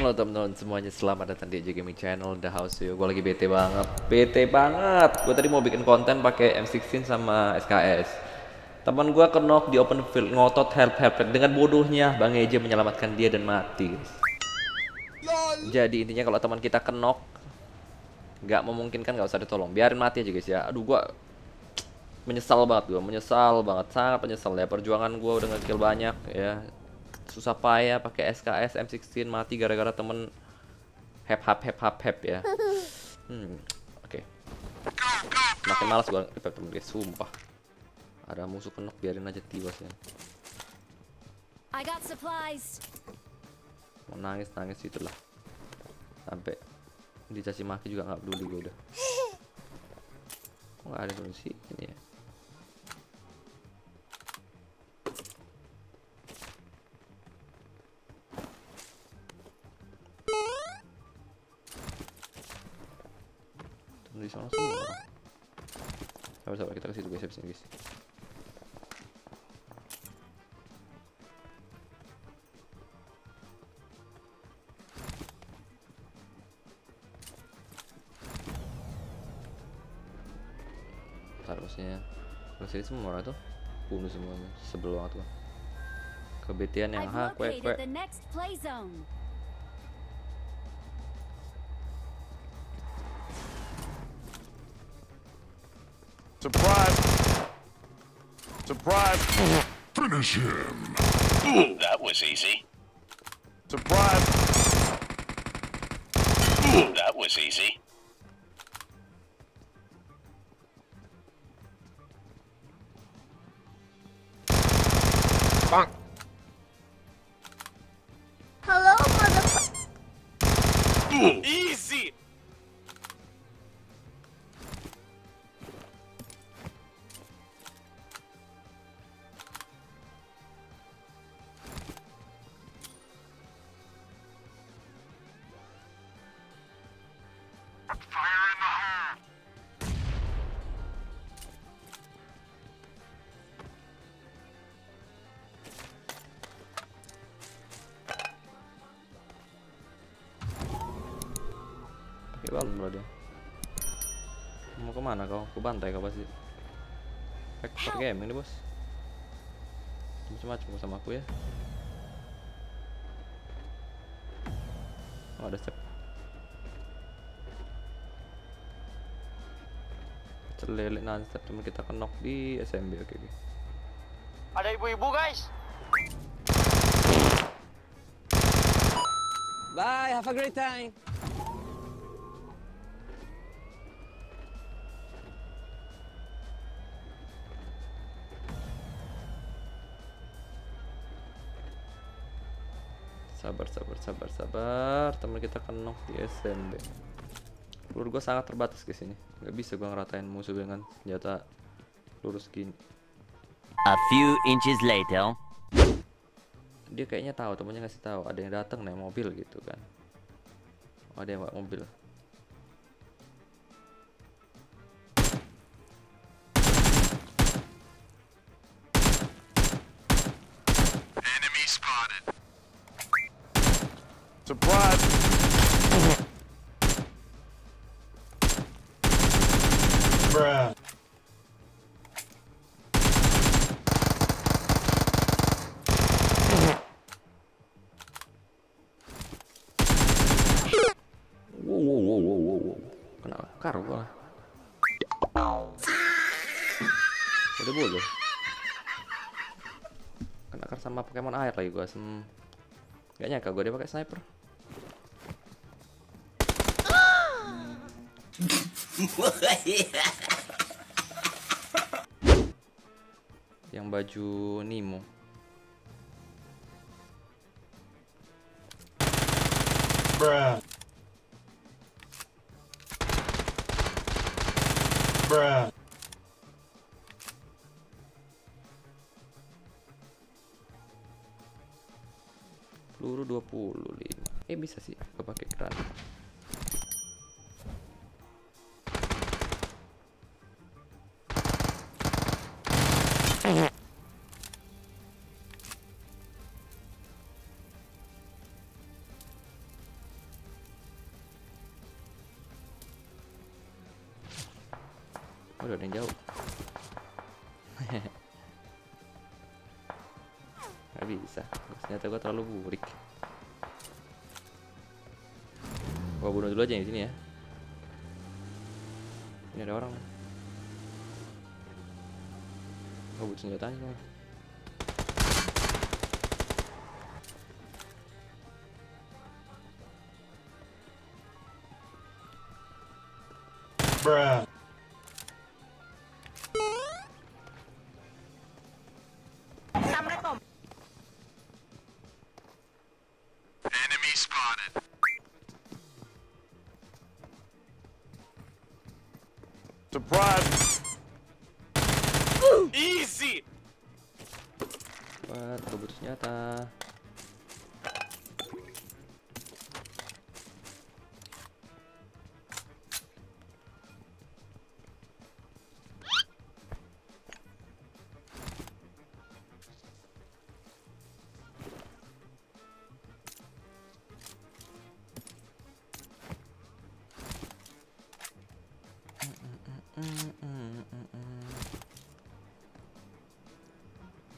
Halo teman-teman semuanya, selamat datang di Gaming Channel The House Yo. Gue lagi bete banget, bete banget. Gue tadi mau bikin konten pakai M16 sama SKS. Teman gue kenok di open field, ngotot help help. Dengan bodohnya Bang Eja menyelamatkan dia dan mati. Jadi intinya kalau teman kita kenok, nggak memungkinkan nggak usah ditolong. Biarin mati aja guys ya. Aduh gue menyesal banget gue, menyesal banget, sangat menyesal ya. Perjuangan gue udah ngekill banyak ya susah payah pakai SKS M16 mati gara-gara temen hap hap hap hap hap ya. Hmm, oke. Okay. Makin malas gua ngepep temen guys, sumpah. Ada musuh kenok biarin aja tiba sih, I got supplies. Mau nangis nangis itulah. Sampai dicaci maki juga nggak peduli gue udah. Kok nggak ada solusi ini ya? di sana semua. Sabar sabar kita kasih tugas habis ini guys. Ntar maksudnya Terus ini semua orang tuh Bunuh semuanya Sebel banget gua Kebetian yang ha kue kue Surprise! Surprise! Finish him! Ooh, that was easy. Surprise! Ooh, that was easy. kalem bro dia mau kemana kau ke bantai kau pasti vector gaming nih bos macam-macam sama aku ya oh ada step celelek nanti step cuma kita kenok di SMB oke okay, okay. ada ibu-ibu guys bye have a great time sabar sabar teman kita kenok kan di SMB Lur gue sangat terbatas ke sini nggak bisa gue ngeratain musuh dengan senjata lurus gini a few inches later dia kayaknya tahu temennya ngasih tahu ada yang datang naik mobil gitu kan oh, ada yang bawa mobil Caro lah Udah bulu. Kena kar sama Pokemon air lagi gua. Sem... Gak nyangka gua dia pakai sniper. Yang baju Nemo. Bruh. bruh. Peluru 25. Eh bisa sih, gak pakai keran. Waduh, oh, ada yang jauh. Gak bisa. Ternyata gue terlalu burik. Gue bunuh dulu aja yang di sini ya. Ini ada orang. Gue butuh senjatanya. Bruh. spotted. Surprise! Easy! Wah, rebut senjata.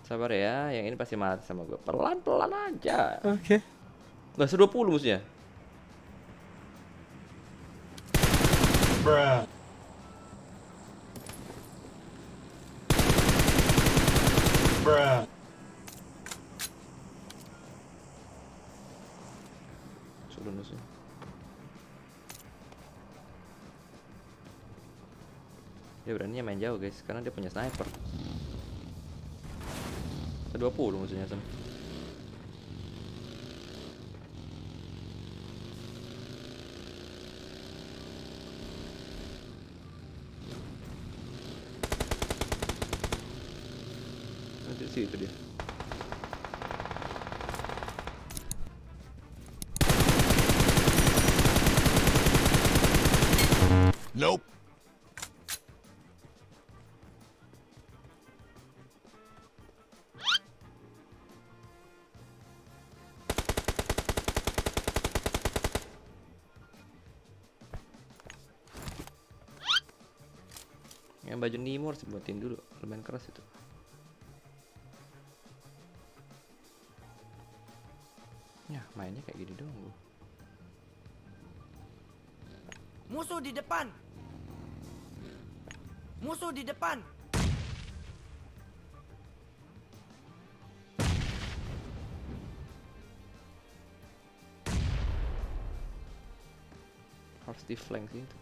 Sabar ya, yang ini pasti mati sama gue. Pelan-pelan aja. Oke. Okay. Nggak 120 musuhnya. Bruh. Dia beraninya main jauh guys, karena dia punya sniper. 20 maksudnya sama. baju Nemo harus dibuatin dulu lumayan keras itu ya mainnya kayak gini dong gue musuh di depan musuh di depan harus di flank sih itu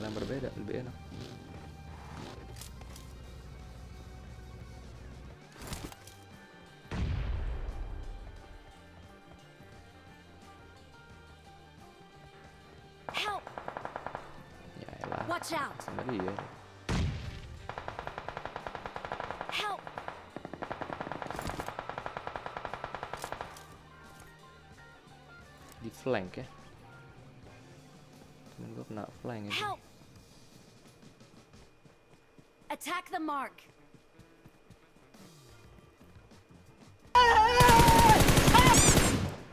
berbeda lebih enak Help. Watch out. Help. flank ya. Temen gue kena flank ya. Eh. Help. Attack the mark.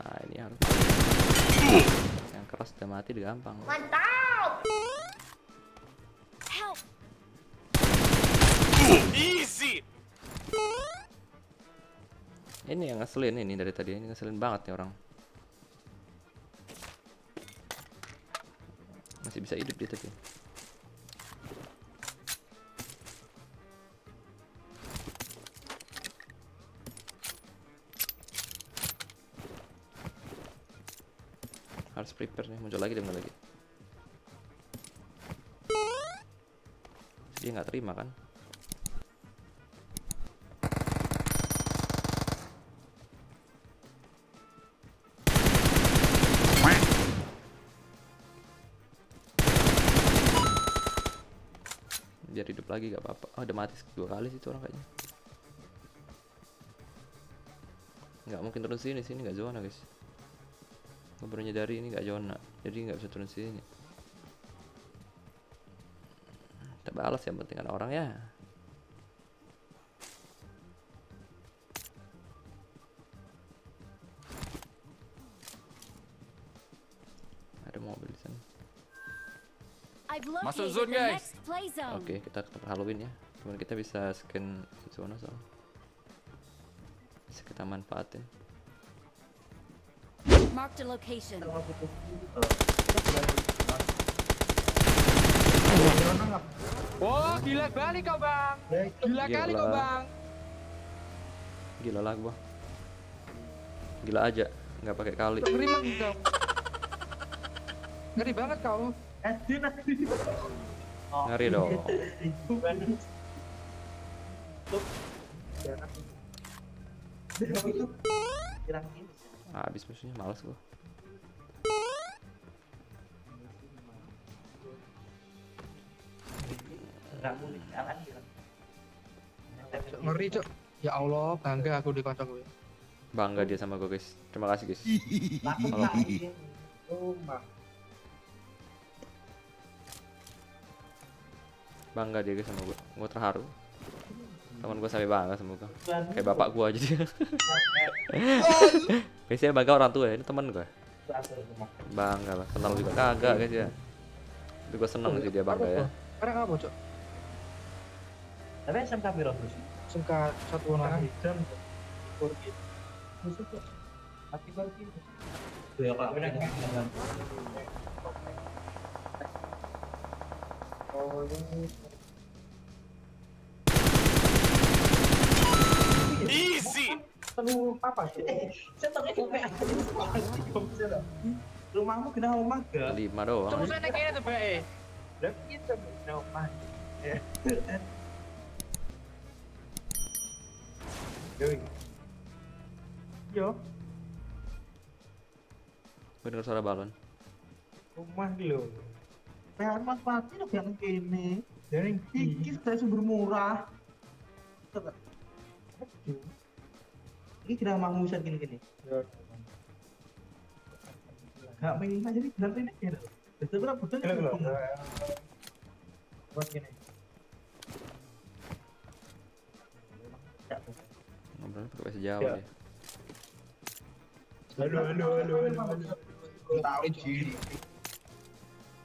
Nah, ini harus yang keras udah mati udah gampang. Mantap. Help. Easy. Ini yang ngeselin ini dari tadi ini ngeselin banget nih orang. Masih bisa hidup dia tapi. prepare nih muncul lagi dia muncul lagi dia nggak terima kan biar hidup lagi gak apa-apa oh ah, ada mati dua kali sih itu orang kayaknya nggak mungkin terus sini sini nggak zona guys Gue baru nyadari ini nggak zona, jadi nggak bisa turun sini. Kita balas yang penting ada orang ya. Ada mobil di sana. Masuk zone guys. Oke, okay, kita tetap Halloween ya. Cuman kita bisa scan zona soalnya. Bisa kita manfaatin. Marked a location. Wah, gila kali kau, Bang. Gila, kali kau, Bang. Gila lah gua. Gila aja, nggak pakai kali. Ngeri banget kau. Ngeri banget kau. Ngeri dong. Jangan. Jangan habis musuhnya males gua ngeri cok ya Allah bangga aku di kocok gue bangga dia sama gue guys terima kasih guys halo bangga dia guys sama gue gue terharu Teman gue sampai bangga sama Kayak bapak gue aja dia. Biasanya bangga orang tua ya, ini teman gue. Bangga lah, kenal juga kagak guys ya. Tapi gue seneng sih dia bangga ya. Karena apa, Cok? Tapi SMK Biro sih. SMK satu orang hitam Kurgi. Musuh kok. Tapi kurgi. Tuh ya, Pak. Oh, ini apa sih? setengah itu kayak ada Rumahmu kena rumah gak? Lima doang. Tunggu saya tuh, Dan eh, kita kena rumah. Eh. Yo. balon. Rumah Pengen mas mati lo murah ini gerah bisa gini-gini ya. gak main aja nih gerah ini gerah itu berapa betul buat gini ya. ngobrol pakai bahasa Jawa ya, ya. halo halo halo halo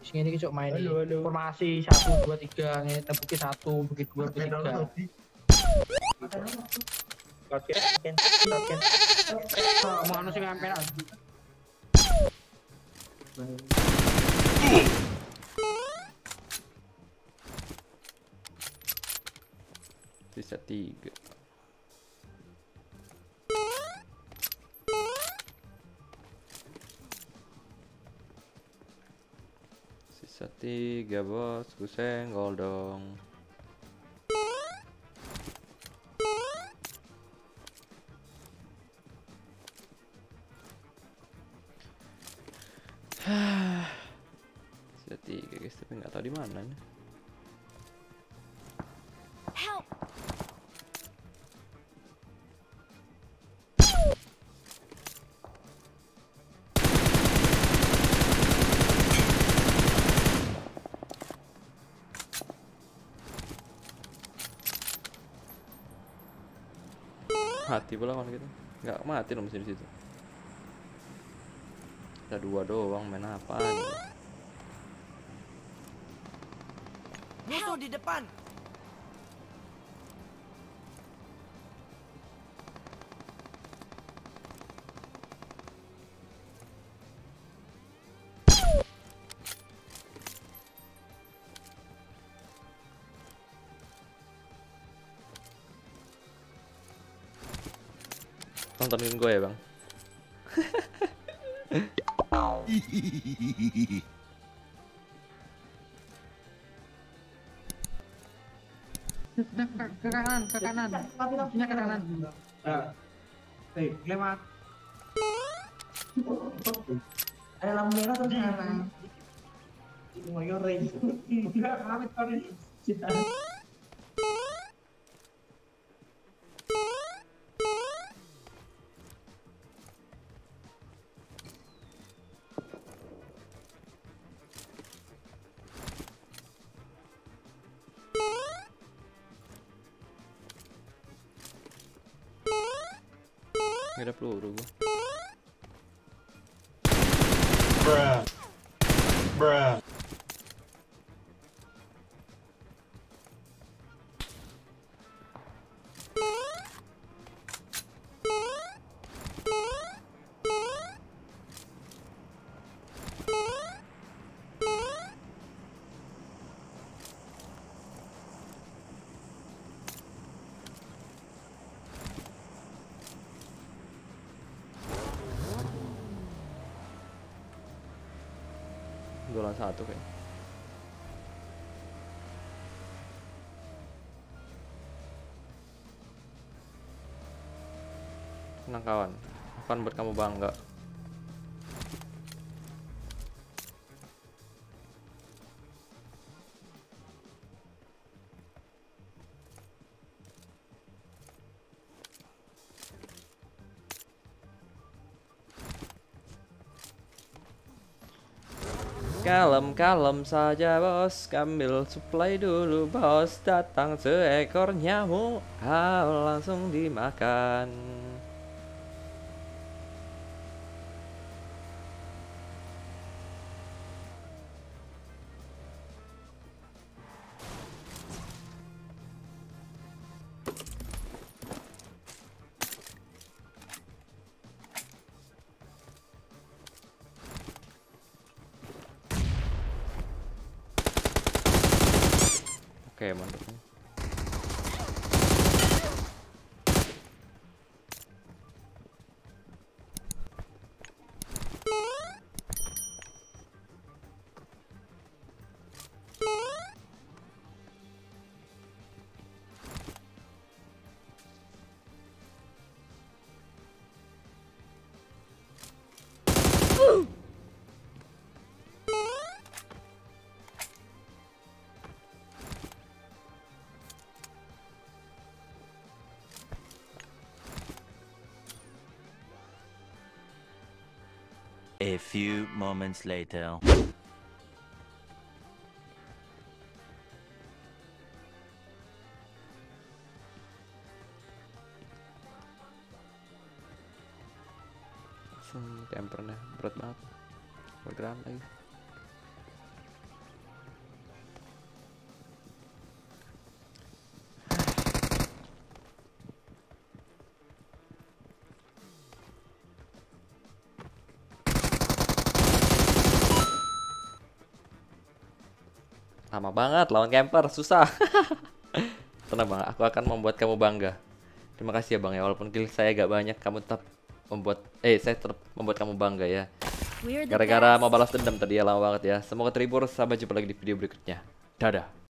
sing ini cok main formasi satu dua tiga ini tembuki satu begitu dua bukit tiga Sisa tiga. Sisa tiga bos, kuseng gol dong. di mana nih? mati pula kan kita nggak mati dong mesin di situ ada dua doang main apa nih Musuh di depan. Nontonin gue ya bang. ke, kanan ke kanan ke kanan nah, eh lewat ada lampu merah terus kanan Moyo Rey. Enggak, pamit, pamit. Gak ada peluru gua. Bruh. Bruh. 2 lawan satu kayaknya Tenang kawan, akan buat kamu bangga. Kalem-kalem saja bos, ambil supply dulu bos Datang seekor nyamuk, ah, langsung dimakan Oke, mantap. A few moments later. Lama banget lawan camper, susah. Tenang bang, aku akan membuat kamu bangga. Terima kasih ya bang ya, walaupun kill saya gak banyak, kamu tetap membuat, eh saya tetap membuat kamu bangga ya. Gara-gara mau balas dendam tadi ya lama banget ya. Semoga terhibur, sampai jumpa lagi di video berikutnya. Dadah.